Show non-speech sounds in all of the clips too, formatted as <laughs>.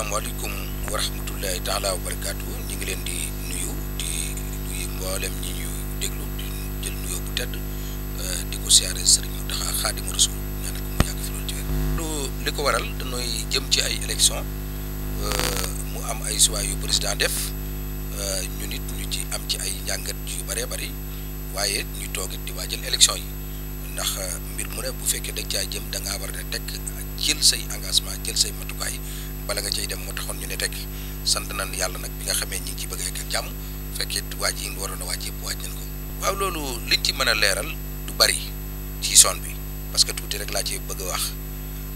asalaamaaleykum wa rahmatullahi taala wa barakaatu ñu ngi leen di nuyu di nuyu tedd eh, di ko siyaare sëriñ mu ko waral danooy jëm ci ay élection eh, mu am ay choix yu président def eh, ñu nit ñu ci am ci ay njàngat yu bëree bëri waaye ñu toog di waa jël élection yi ndax mbir mu ne bu fekkee da caa jëm da ngaa war a teg jël say engagement jël say matukaay bala nga cey dem moo taxoon ñu ne tekki sant nañ yàlla nag bi nga xamee ñi ngi ci bëgg a egg ak jàmm fekk it waaj yi nga waroon a waaj yëpp waaj nañ ko waaw loolu liñ ci mën a leeral du bari ci zone bi parce que tuuti rek laa ci bëgg a wax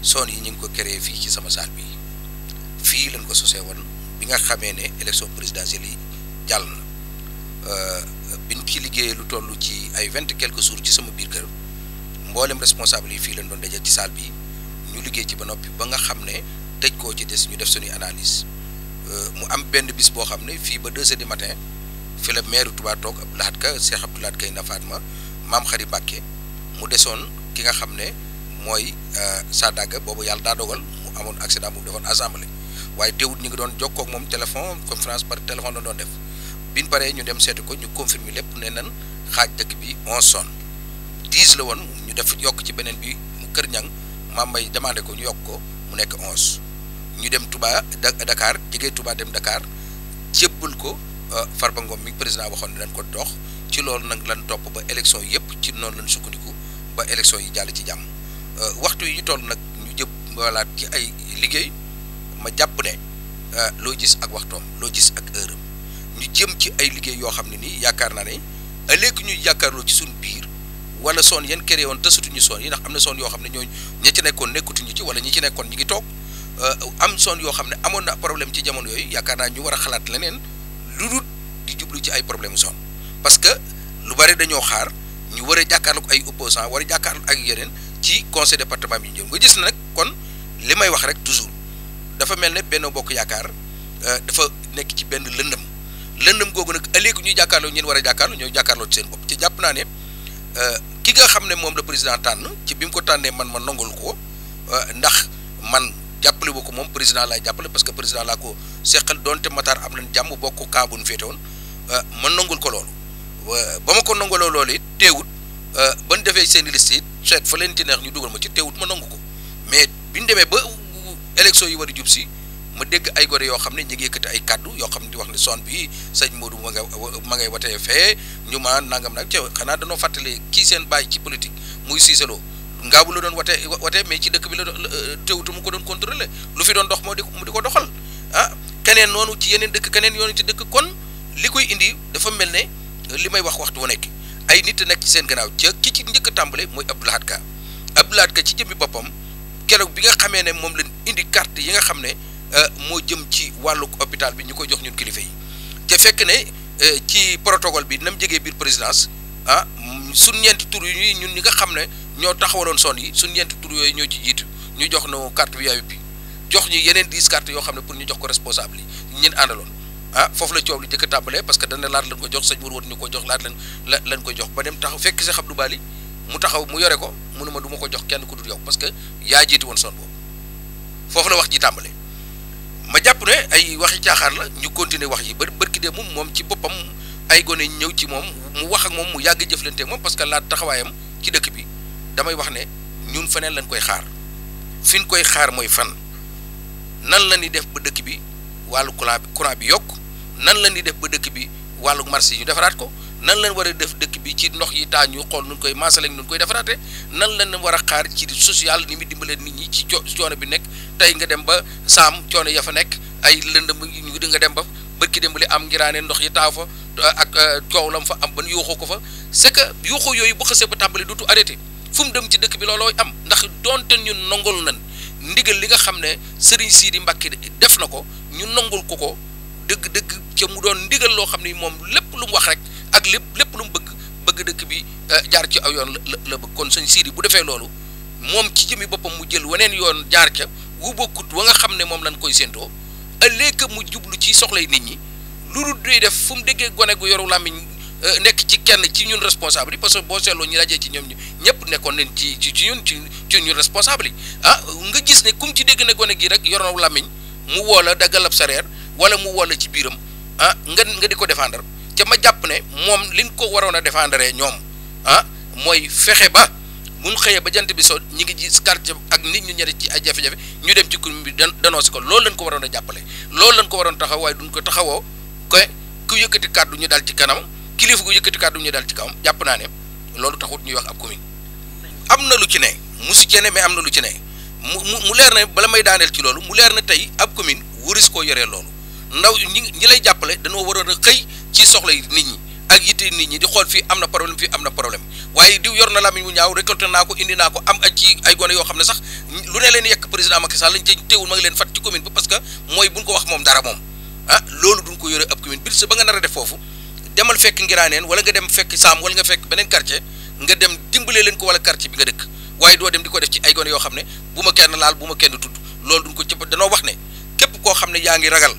zone yi ñu ngi ko créé fii ci sama salle bi fii lañ ko sosee woon bi nga xamee ne élection présidentielle yi jàll na euh, biñ ci liggéeyee lu toll ci ay vingt quelque quelques ci sama biir kër mboolem responsable yi fii lañ doon daje ci salle bi ñu liggéey ci ba noppi ba nga xam ne tëj koo ci des ñu def suñuy analyse euh, mu am benn bis boo xam ne fii ba deux heures du matin fi la maire Touba toog ab laat ka Cheikh Abdou Lahad Gaïndé Fatma maam Khary Mbacké mu desoon ki nga xam ne mooy euh, Sadaga boobu yàlla daa dogal mu amoon accident bu defoon assemblée waaye teewut ñu ngi doon jokkoo moom téléphone conférence par téléphone la doon def bi ñu paree ñu dem seeti ko ñu confirmer lépp ne nan xaaj dëkk bi on sonne dix la woon ñu def yokk ci beneen bi Kër Ñang maam may demandé ko yokk ko mu nekk onze ñu dem Touba dakaar jege tubaa dem Dakar jébbal ko euh, Farba Ngom mi président waxoon ne dañ ko dox ci loolu nag lan topp ba élection yëpp ci noonu lañ sukkandiku ba élection yi jàll ci jàmm euh, waxtu yi ñu toll nag ñu jëpp walaat ci ay liggéey ma jàpp ne euh, loo gis ak waxtoom loo gis ak heure ñu jëm ci ay liggéey yoo xam ne nii yaakaar naa ne ëllëg ñuy yaakaarloo ci suñu biir wala son yan créé woon te sutuñu soon yi ndax am na soon yoo xam ne ñooñu ña nekkoon nekkutuñu ci wala ñi ci nekkoon ñi ngi toog Euh, am zone yoo xam ne amoon na problème ci jamono yooyu yaakaar naa ñu war a xalaat leneen lu dul di jublu ci ay problème zone parce que lu bari dañoo xaar ñu war a jàkkaarloog ay opposants war a jàkkaarloog ak yeneen ci conseil département bi ñu jëm nga gis nag kon li may wax rek toujours dafa mel ne Benno Bokk Yaakaar euh, dafa nekk ci benn lëndëm lëndëm googu nag ëllëg ñuy jàkkaarloo ñeen war a jàkkaarloo ñooy jàkkaarloo seen bopp ci jàpp naa ne euh, ki nga xam ne moom la président tànn ci bi mu ko tànnee man ma nongul ko ndax man. jàppale woo ko moom président laay jàppale parce que président laa ko seqal donte Matar am nañ jàmm bokk kaa bu nu féete woon euh, ma nangul ko loolu euh, ba ma ko nangaloo loolu it teewut euh, ban defee seen liste it seet fa leen ci neex ñu dugal ma ci teewut ma nangu ko mais bi ñu demee ba élection yi war a jub si ma dégg ay gore yoo xam ne ñu ngi ay kaddu yoo xam ne di wax ne son bi sëñ Modou ma nga ma ngay watee fee ñu ma nangam nag ca xanaa danoo fàttalee kii seen bàyyi ci politique muy Cissé ngaabu la doon watee watee mais ci dëkk bi la doon euh, teewutu mu ko doon contrôler lu fi doon dox moo di mu di ko doxal ah keneen noonu ci yeneen dëkk keneen yoonu ci dëkk kon li koy indi dafa mel ne euh, li may wax waxtu wu nekk ay nit nekk ci seen gannaaw ca ki ci njëkk a mooy Abdou Lahad Ka Abdou Lahad Ka ci jëmmi boppam keroog bi nga xamee ne moom lañ indi carte yi nga xam ne euh, moo jëm ci wàllu hôpital bi ñu koy jox ñun kilifa yi te fekk ne ci protocole bi nam jegee biir présidence ah suñ ñeenti tur yi ñun ñi nga xam ne. ñoo taxawaloon son yi suñ ñeenti tur yooyu ñoo ci jiitu ñu jox nu carte VIP bi jox ñu yeneen dix cartes yoo xam ne pour ñu jox ko responsable yi ñun àndaloon ah foofu la coow lu jëkk a tàmbalee parce que dana laat lañ ko jox sëñ Mour woon ñu ko lañ ko jox ba dem taxaw fekk si Abdou Bali mu taxaw mu yore ko mu ne ma du ma ko jox kenn ku dul yow parce que yaa jiitu woon son boobu foofu la wax ji tàmbalee ma jàpp ne ay waxi caaxaan la ñu continuer wax yi ba bërki dee moom moom ci boppam ay gone ñëw ci moom mu wax ak moom mu yàgg jëflante moom parce que laat taxawaayam ci dëkk bi damay wax ne ñun feneen lañ koy xaar fi ñu koy xaar mooy fan nan la ñuy def ba dëkk bi wàllu courant bi bi yokk nan la ñuy def ba dëkk bi wàllu marché yi ñu defaraat ko nan lañ war def dëkk bi ci ndox yi taa ñu xool nu ñu koy maasale nu koy defaraate nan lañ war a xaar ci social ni mu dimbalee nit ñi ci coono bi nekk tey nga dem ba saam coono ya fa nekk ay lëndëm ñu di nga dem ba bërki dem am ngiraane ndox yi taa fa ak euh, coow lam fa am ban yuuxoo ko fa c'est que yuuxoo yooyu bu xasee ba tàmbali dootu fu mu dem ci dëkk bi loolooy am ndax doonte ñu nongul nan ndigal li nga xam ne sëriñ Sidi Mbàkke def na ko ñu nongul ko ko dëgg-dëgg ca mu doon ndigal loo xam ne moom lépp lu mu wax rek ak lépp lépp lu mu bëgg bëgg dëkk bi euh, jaar ci aw yoon la la sëñ Sidi bu defee loolu moom ci jëmi boppam mu jël waneen yoon jaar ca wu bokkut wa nga xam ne moom lañ koy séentoo ëllëg mu jublu ci soxlay nit ñi lu dul dee def fu mu déggee gone gu yoru làmmiñ Euh, nekk ci kenn ci ñun responsable yi parce boo seetloo ñu dajee ci ñoom ñëpp nekkoon nañ ci ci ñun ci ci ñun responsable yi ah nga gis ne kum ci dégg ne gone gi rek yor na làmmiñ mu woo la daggalab wala mu woo ci biiram ah nga nga di ko défendre te jàpp ne moom liñ ko waroon a défendre ñoom ah mooy fexe ba mun xëyee ba jant bi so ñi ngi gis quartier ak nit ñu ñere ci ay jafe ñu dem ci commune bi dénoncé ko loolu lañ ko waroon a jàppale loolu lañ ko waroon taxaw waaye ko taxawoo ko ku yëkkati kàddu ñu dal ci kanam kilifa gu yëkkati kàddu ñuy dal ci kawam jàpp naa ne loolu taxut ñuy wax ab commune am na lu ci ne musu cee ne mais am lu ci ne mu mu leer na bala may daaneel ci loolu mu leer na tey ab commune waris koo yore loolu ndaw ñi ñi lay jàppale dañoo waroon a xëy ci soxla yi nit ñi ak yitte nit ñi di xool fii am na problème fii am na problème waaye diw yor na lamiñ mu ñaaw récolté naa ko indi naa ko am ak ci ay gone yoo xam ne sax lu ne leen yekk président Macky Sall lañ ca teewul leen ci commune bi que mooy buñ wax moom dara moom ah, loolu duñ ko yore ab commune bi a def demal fekk ngiraaneen wala nga dem fekk saam wala nga fekk beneen quartier nga dem dimbalee leen ko wala quartier bi nga dëkk waaye doo dem di ko def ci ay gone yoo xam ne bu ma kenn laal bu ma kenn tudd loolu duñ ko ci danoo wax ne képp koo xam ne yaa ngi ragal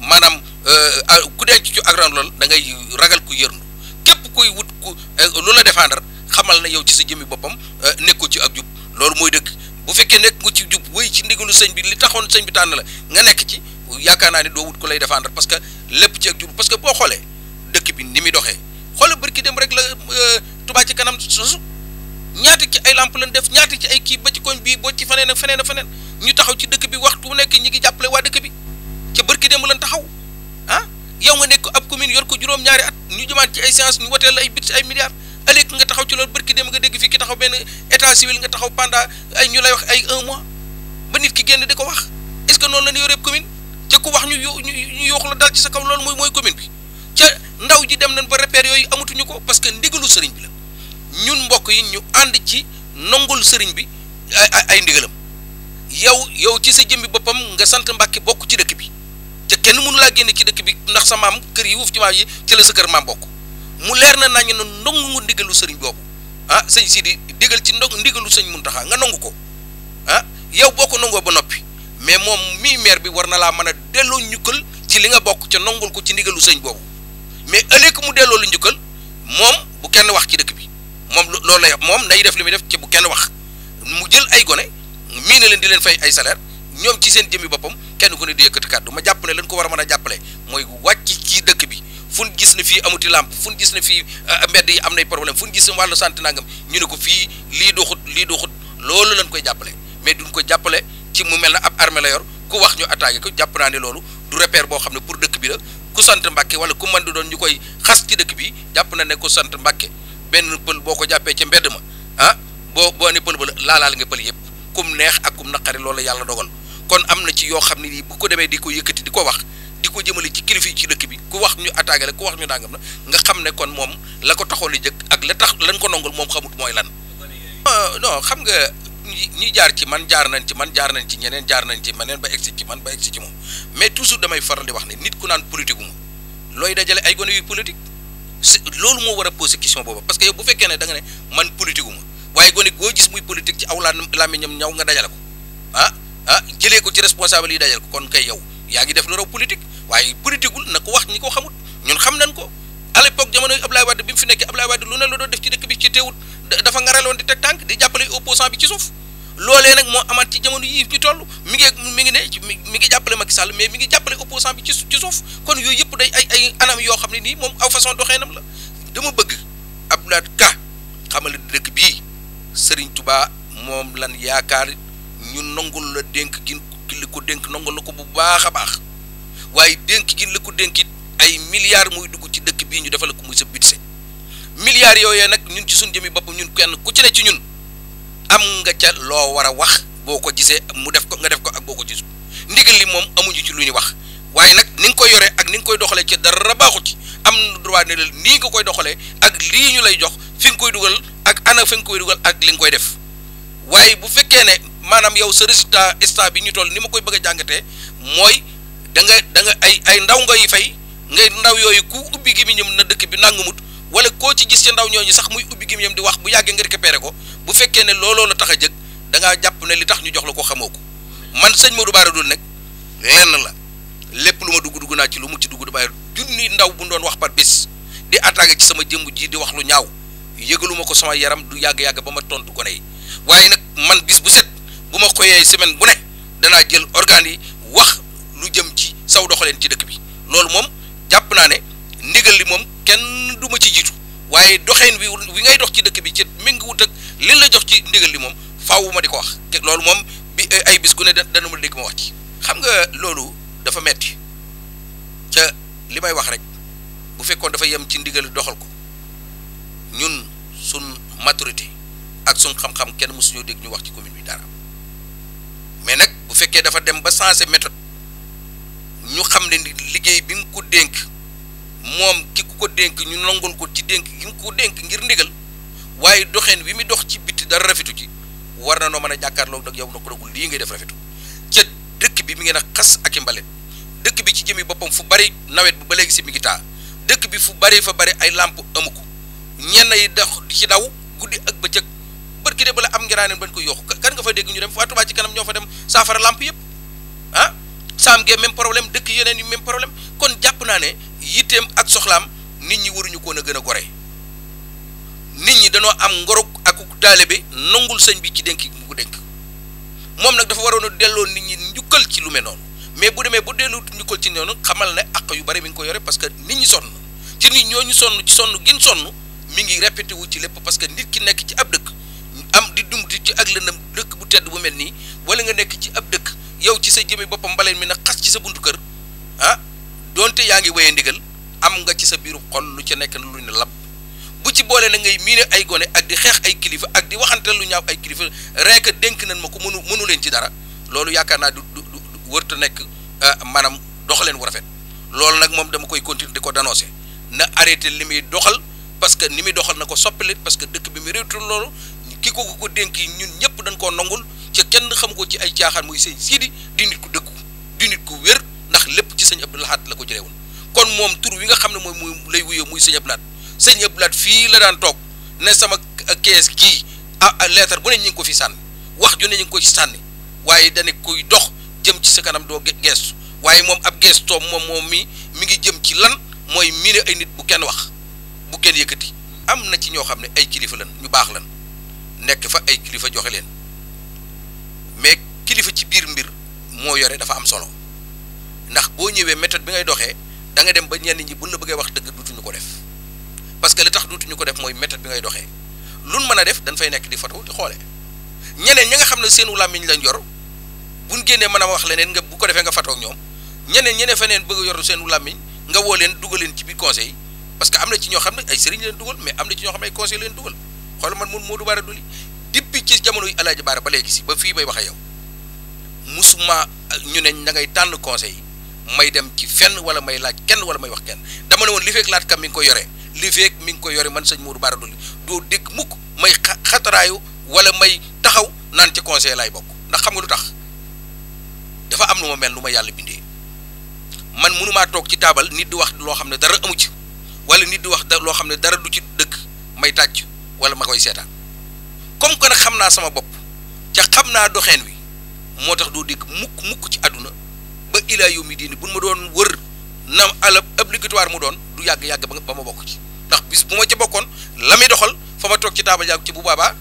maanaam euh, ku dee ci ak lool da ngay ragal ku yërnu képp koy wut ku euh, lu la défendre xamal na yow ci sa jëmmi boppam euh, nekkoo ci ak jub loolu mooy dëkk bu fekkee nekk nga ci jub wéy ci ndigalu sëñ bi li taxoon sëñ bi tànn la nga nekk ci yaakaar naa ne doo wut ku lay défendre parce que lépp ci ak jub parce que boo xoolee dëkk bi ni muy doxee xoola bërki dem rek la euh, Touba ci kanam susu ñaata ci ay lamp lañ def ñaata ci ay kii ba ci koñ bii boo ci feneen ak feneen ak feneen ñu taxaw ci dëkk bi waxtu bu nekk ñi ngi jàppale waa dëkk bi ca bërki dem lañ taxaw ah yow nga nekk ab commune yor ko juróom-ñaari at ñu jëmaat ci ay séance ñu woteel ay bit ay milliards ëllëg nga taxaw ci loolu bërki dem nga dégg fii ki taxaw benn état civil nga taxaw pendant ay ñu lay wax ay un mois ki génn di ko wax est-ce que noonu la ñu yoree commune ca ku wax ñu ñu yooxu mooy mooy commune bi ca ndaw ji dem nañ ba repère yooyu amatuñu ko parce que ndigalu sëriñ bi la ñun mbokk yi ñu ànd ci nongul sëriñ bi ay ndigalam yow yow ci sa jëmbi boppam nga sant Mbàkke bokk ci dëkk bi te kenn mënu laa génne ci dëkk bi ndax sa maam kër yi wuuf ci maam yi ci sa kër maam bokk mu leer na nañu ne ndongu ndigalu sëriñ boobu ah sëñ si di digal ci ndog ndigalu sëñ Muntaxa nga nongu ko ah yow boo ko nongoo ba noppi mais moom mii maire bi war na laa mën a delloo ñukkal ci li nga bokk ca nongul ko ci ndigalu sëñ boobu mais ëllëg mu delloo lu njukkal moom bu kenn wax ci dëkk bi moom loolu lay moom nay def li muy def ci bu kenn wax mu jël ay gone mii ne leen di leen fay ay salaire ñoom ci seen jëmmi boppam kenn ku ne di yëkkati kàddu ma jàppale ne lañ ko war a mën a jàppale mooy wàcc ci dëkk bi fu gis ne fii amuti làmp fu ñu gis ne fii euh, mbedd yi am nay problème fu ñu gis ne sant santé nangam ñu ne ko fii lii doxut lii doxut loolu lañ koy jàppale mais duñ ko jàppale ci mu mel na ab armée yor ku wax ñu attaqué ko jàpp naa ne loolu du repère boo xam ne pour dëkk bi la ku sant Mbàkke wala ku mën di doon ñu koy xas ci dëkk bi jàpp na ne ku sant Mbàkke benn pël boo ko jàppee ca mbedd ma ah boo boo ne pël ba laalaal nga pël yëpp kum neex ak kum naqari loolu la yàlla dogal kon am na ci yoo xam ne nii bu ko demee di ko yëkkati di ko wax di ko jëmale ci kilifa yi ci dëkk bi ku wax ñu attaqué la ku wax ñu nangam xam ne kon moom la ko taxoon a jëkk ak la tax lañ ko nongul moom xamut mooy lan euh, non xam nga ñi jaar ci man jaar nañ ci man jaar nañ ci ñeneen jaar nañ ci maneen ba egsi ci man ba egsi ci moom mais toujours damay faral di wax ne nit ku naan politique gu ma looy dajale ay gone yu politique si loolu moo war a poser question boobu parce que yow bu fekkee ne da nga ne man politique gu ma waaye gone goo gis muy politique ci aw laa làmmiñam ñaw nga dajale ko ah ah ko ci responsable yi dajal ko kon kay yow yaa ngi def lu raw politique waaye politique wul na ko wax ñi ko xamut ñun xam nañ ko à l'époque jamono Ablaye Wade loolee nag moo amaat ci jamono yii ñu toll mi ngi mi ngi ne mi ngi jàppale Macky Sall mais mi ngi jàppale opposant bi ci ci suuf kon yooyu yëpp day ay ay anam yoo xam ne nii moom aw façon doxeenam la dama bëgg ab Abdoulaye Ka xamal dëkk bii sëriñ tubaa moom lan yaakaar ñu nangul la dënk gin li ko dénk nangul la ko bu baax a baax waaye dénk gin la ko dénk ay milliards muy dugg ci dëkk bii ñu defale ko muy sa budget milliards yooyee nag ñun ci suñ jëmi bopp ñun kenn ku ci ci ñun am nga ca loo war a wax boo ko gisee mu def ko nga def ko ak boo ko gisul ndigal li moom amuñu ci lu ñuy wax waaye nag ni nga koy yoree ak ni nga koy doxalee ci dara baaxu ci am na droit ne la nii koy doxalee ak lii ñu lay jox fi nga koy dugal ak ana fi nga koy dugal ak li nga koy def waaye bu fekkee ne maanaam yow sa résultat instant bi ñu toll ni ma koy bëgg a jàngatee mooy danga danga ay ay ndaw ngay fay ngay ndaw yooyu ku ubbi gi mi ñëm na dëkk bi nangumut wala koo ci gis ci ndaw ñooñu sax muy ubbi gémmiñam di wax bu yàggee nga récupéré ko bu fekkee ne tax a jëg da jàpp ne li tax ñu jox la ko xamoo ko man sëñ Modou Bara Dolly nag lenn la lépp lu ma dugg dugg naa ci lu mu ci dugg bàyyi junni ndaw bu doon wax par bis di attaqué ci sama jëmb ji di wax lu ñaaw yëgalu ma ko sama yaram du yàgg-yàgg ba ma tontu gone yi waaye nag man bis bu bu ma xëyee semaine bu ne danaa jël organes yi wax lu jëm ci saw doxaleen ci dëkk bi loolu moom jàpp naa ne ndigal li moom kenn du ma ci jiitu waaye doxeen wi wi ngay dox ci dëkk bi ci méngoowut ak li la jox ci ndigal li moom faaw di ko wax loolu moom bi ay bis gu ne dana ma dégg ma wax ci xam nga loolu dafa metti ca li may wax rek bu fekkoon dafa yem ci ndigal doxal ko ñun suñ maturité ak suñ xam-xam kenn mësuñoo dégg ñu wax ci commune bi dara mais nag bu fekkee dafa dem ba changer méthode ñu xam ne ni liggéey bi nga ko dénk moom ki ko dénk ñu nangul ko ci dénk gi mu ko dénk ngir ndigal waaye doxeen wi mi dox ci bitti dara rafetu ci war na noo mën a jàkkaarloo nag yow na ko lii ngay def rafetu ca dëkk bi mi ngeen a xas ak i mbalit dëkk bi ci jëmi boppam fu bari nawet bi ba léegi si mi taa dëkk bi fu bari fa bare ay làmp amu ko ñenn yi dox di ci daw guddi ak bëccëg bërki de bala am ngiraaneen bañ ko yooxu kan nga fa dégg ñu dem waa Tuubaa ci kanam ñoo fa dem saafara làmp yëpp ah saam gee même problème dëkk yeneen yi même problème kon jàpp naa ne yitteem ak soxlaam nit ñi waruñu koon a gën a gore nit ñi danoo am ngoro ak daale taalibe nangul sëñ bi ci dénk mu ko dénk moom nag dafa waroon delloo nit ñi njukkal ci lu mel noonu mais bu demee bu delloo njukkal ci noonu xamal ne àq yu bari mi ngi ko yore parce que nit ñi sonn ci nit ñooñu sonn ci sonn gin sonn mi ngi répété wu ci lépp parce que nit ki nekk ci ab dëkk am di dund ci ak lëndëm dëkk bu tedd bu mel nii wala nga nekk ci ab dëkk yow ci sa jëmi boppam mbaleen mi nag xas ci sa buntu kër ah doonte yaa ngi wéyee ndigal am nga ci sa biiru xol lu ca nekk lu ne lab bu ci boole ngay miire ay gone ak di xeex ay kilifa ak di waxante lu ñaaw ay kilifa rek denk nañ ma ko mënu mënu leen ci dara loolu yaakaar naa du du wërta nekk euh, maanaam doxaleen wu rafet loolu nag moom dama koy continuer di ko dénoncer na arrêté li muy doxal parce que ni muy doxal na ko soppali parce que dëkk bi mu réewtul loolu ki ko ko dénk yi ñun ñëpp dañ koo nangul ca kenn xam ko ci ay caaxaan muy sëñ siidi di nit ku dëkku di wér ndax lépp ci sëñ Abdou Lahad la ko jëlee woon kon moom tur wi nga xam ne mooy muy lay wuyoo muy sëñ Abdou Lahad sëñ Abdou Lahad fii la daan toog ne sama kees kii ah, ah leetar bu ne ñu ngi ko fi sànni wax ju ne ko ci sànni waaye dane kuy dox jëm ci sa kanam doo geestu waaye moom ab geestoom moom moom mi mi ngi jëm ci lan mooy miine ay nit bu kenn wax bu kenn yëkkati am na ci ñoo xam ne ay kilifa lan ñu baax lan nekk fa ay kilifa joxe leen mais kilifa ci biir mbir moo yore dafa am solo ndax boo ñëwee méthode bi ngay doxee danga dem ba ñenn ñi bu la bëggee wax dëgg duutuñu ko def parce que li tax duutuñu ko def mooy méthode bi ngay doxee luñ mën a def dañ fay nekk di foto di xoole ñeneen ñi nga xam ne seenu làmmiñ lañ yor buñ génnee mën a wax leneen nga bu ko defee nga fatoog ñoom ñeneen ñeneen feneen bëgg yor seenu làmmiñ nga woo leen dugal leen ci biir conseil yi parce que am na ci ñoo xam ne ay sëriñ am na ci ñoo xam ne ay conseil leen dugal xool man mun Modou Bara Dolly depuis ci ba léegi si ba fii bay wax a yow musuma ñu ne da ngay tànn conseil may dem ci fenn wala may laaj kenn wala may wax kenn dama ne woon li feeg laat kam mi ngi koy yore li feeg mi ngi koy yore man sëñ Modou Bara Dolly doo dégg mukk may xataraayu wala may taxaw naan ci conseil laay bokk ndax xam nga lu tax dafa am nu ma lu ma yàlla bindee man mënumaa toog ci taabal nit di wax loo xam ne dara amu ci wala nit di wax loo xam ne dara du ci dëkk may tàcc wala ma koy comme que nag xam naa sama bopp ca xam naa doxeen wi moo tax doo dégg mukk mukk ci àdduna ilaa yawmi diini bu ma doon wër na ala obligatoire mu doon du yàgg yàgg ba ma bokk ci ndax bis bu ma ca bokkoon la muy doxal fa ma toog ci taabal yàgg ci bu boobaa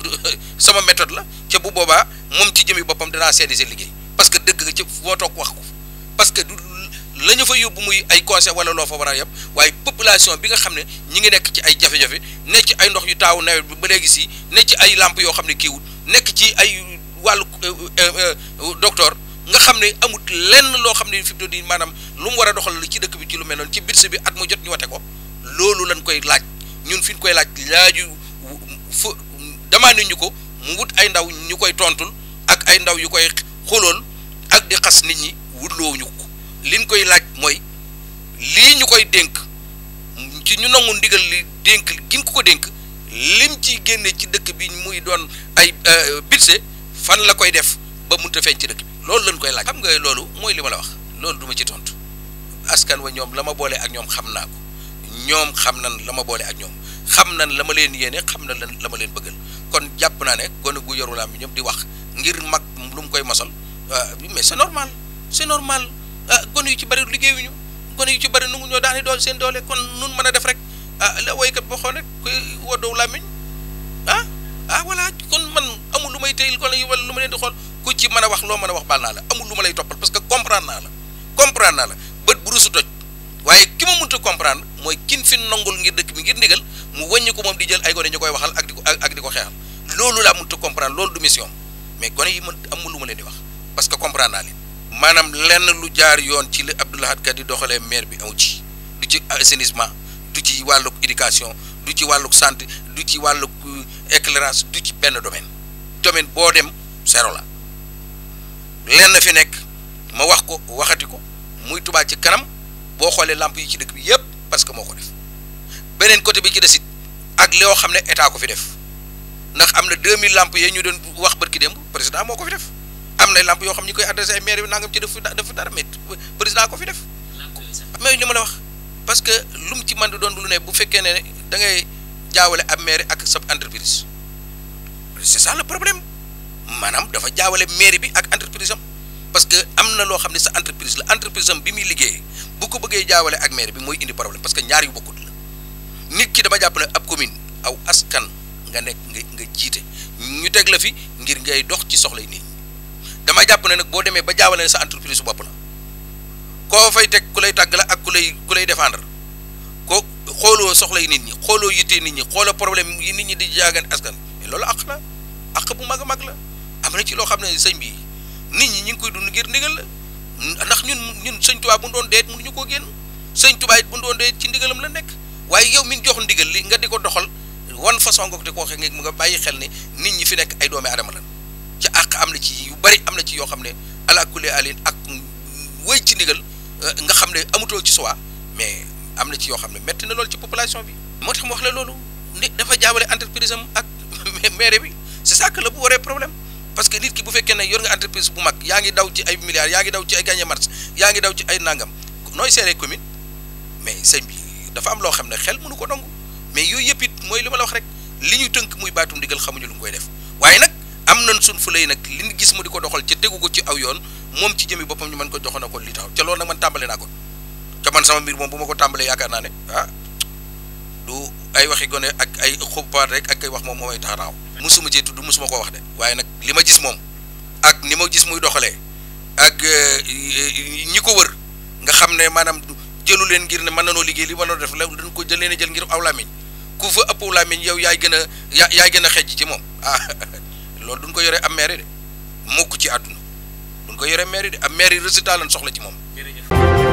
<laughs> sama méthode la ca bu boobaa moom ci jëmi boppam danaa seede seen liggéey parce que dëgg ci fu ma toog wax ko parce que du la ñu fa yóbbu muy ay conseil wala loo fa war a yab waaye population bi nga xam ne ñi ngi nekk ci ay jafe-jafe nekk ci ay ndox yu taawu nawet bi ba léegi si nekk ci ay làmp yoo xam ne kiiwut nekk ci ay wàllu euh, euh, euh, docteur xam ne amut lenn loo xam ne fi mu maanaam lu mu war a doxal ci dëkk bi ci lu meloon noonu ci bitse bi at mu jot ñu wate ko loolu lañ koy laaj ñun fi ñu koy laaj laaju fu demandé ñu ko mu wut ay ndaw ñu koy tontul ak ay ndaw yu koy xulool ak di xas nit ñi wutloo ñu ko liñ koy laaj mooy lii ñu koy dénk ci ñu nangu ndigal li dénk gin ko ko dénk lim ci génne ci dëkk bi muy doon ay euh, bitse fan la koy def ba munta feeñ ci dëkk loolu lañ koy laaj xam nga loolu mooy li ma la wax loolu du ma ci tontu askan wa ñoom la ma boole ak ñoom xam naa ko ñoom xam nan la ma boole ak ñoom xam nan la ma leen yéene xam na lan la ma leen bëggal kon jàpp naa ne gone gu yorulaam bi ñoom di wax ngir mag lu mu koy mosal euh, mais c'est normal c'est normal ah gone yu ci bari bëri liggéeyuñu gone yu ci bëri nu ngu ñoo daani dool seen doole kon nun mën a def rek ah la woykat boo xoon rek kuy woddoow làmmiñ ah ah voilà kon man amul lu may téyil gone yi wala lu ma leen di ko ci mën a wax loo man a wax baal naa la amul lu ma lay toppal parce que comprendre naa la comprendre naa la bët bu rusu toj waaye ki ma mënta comprendre mooy kin fi nongul ngir dëkk bi ngir ndigal mu wàññi ko moom di jël ay gone ñu koy waxal ak di ko ak di ko xeexal loolu laa mënta comprendre loolu du mission mais gone yi mën amul lu ma leen di wax parce que comprendre naa leen maanaam lenn lu jaar yoon ci li Abdou Lahad Ka di doxalee maire bi aw ci du ci assainissement du ci wàlluk éducation du ci wàlluk santé du ci wàlluk euh, éclairage du ci benn domaine domaine boo dem zéro la leen na fi nekk ma wax ko waxati ko muy Touba ci kanam boo xoolee lamp yi ci dëkk bi yëpp parce que moo ko def beneen côté bi ci desit ak yoo xam ne état ko fi def ndax am na 2000 lamp yee ñu doon wax barki démb président moo ko fi def am na lamp yoo xam ñu koy adressé ay maire bi nangam ci def fi dara mais président ko fi def mais li ma la wax parce que lu mu ci mën di doon lu ne bu fekkee ne dangay jaawale ab maire ak sab entreprise c'est ça le problème maanaam dafa jaawale mairie bi ak entreprise am parce que am na loo xam ne sa entreprise la entreprise bi muy liggéeyee bu ko bëggee jaawale ak mairie bi mooy indi problème parce que ñaar yu bokkut la nit ki dama jàpp ne commune aw askan nga nekk nga jiite ñu teg fi ngir ngay dox ci soxlay nit dama jàpp ne nag boo demee ba jaawale ne sa entreprise su bopp la koo fay teg ku lay tàgg la ak ku lay ku lay défendre ko xooloo soxlay nit ñi xooloo yittee nit ñi xooloo problème yi nit ñi di jaagan askan loolu àq la àq bu mag a mag la am na ci loo xam ne sëñ bi nit ñi ñu ngi koy dund ngir ndigal la ndax ñun ñun sëñ tubaa bu ñu doon deet ñu koo génn sëñ tubaa it bu ñu doon deet ci ndigalam la nekk waaye yow min jox ndigal li nga di ko doxal wan façon nga ko di ko waxee nga nga bàyyi xel ni nit ñi fi nekk ay doomi aadama lan ci àq am na ci yu bari am na ci yoo xam ne ala kulli alin ak wéy ci ndigal eh, nga xam ne amutoo ci soi mais am na ci yoo xam ne métti na loolu ci population bi moo tax ma wax la loolu ni dafa jaawale entreprise am ak <laughs> maire bi c'est ça que la bu waree problème parce que nit ki bu fekkee ne yor nga entreprise bu mag yaa ngi daw ci ay milliards yaa ngi daw ci ay gagné marché yaa ngi daw ci ay nangam nooy seeree commune mais sëñ bi dafa am loo xam ne xel mënu ko dong mais yooyu yëpp it mooy li ma la wax rek li ñu tënk muy baatum ndigal xamuñu lu mu koy def waaye nag am nañ suñ fulay nag li ñu gis mu di ko doxal ca tegu ko ci aw yoon moom ci jëmi boppam ñu mën ko joxoon ko li taxaw ca loolu nag man tàmbale naa ko ca man sama mbir moom bu ma ko tàmbalee yaakaar naa ne ah du ay waxi gone ak ay xubaat rek ak ay wax moom moomay taxaraaw musuma cee tudd musuma koo wax de waaye nag li ma gis moom ak ni ma gis muy doxale ak euh, ñi ko wër nga xam ne maanaam jëlu leen ngir ne mën nanoo liggéey li mën na def la dañ ko jël leen jël ngir aw làmmiñ ku fa ëpp làmmiñ yow yaay gën a yaay gën a xejj ci moom <laughs> ah loolu duñ ko yore am maire de mukk ci àdduna duñ ko yoree maire de am maire résultat lan soxla ci moom.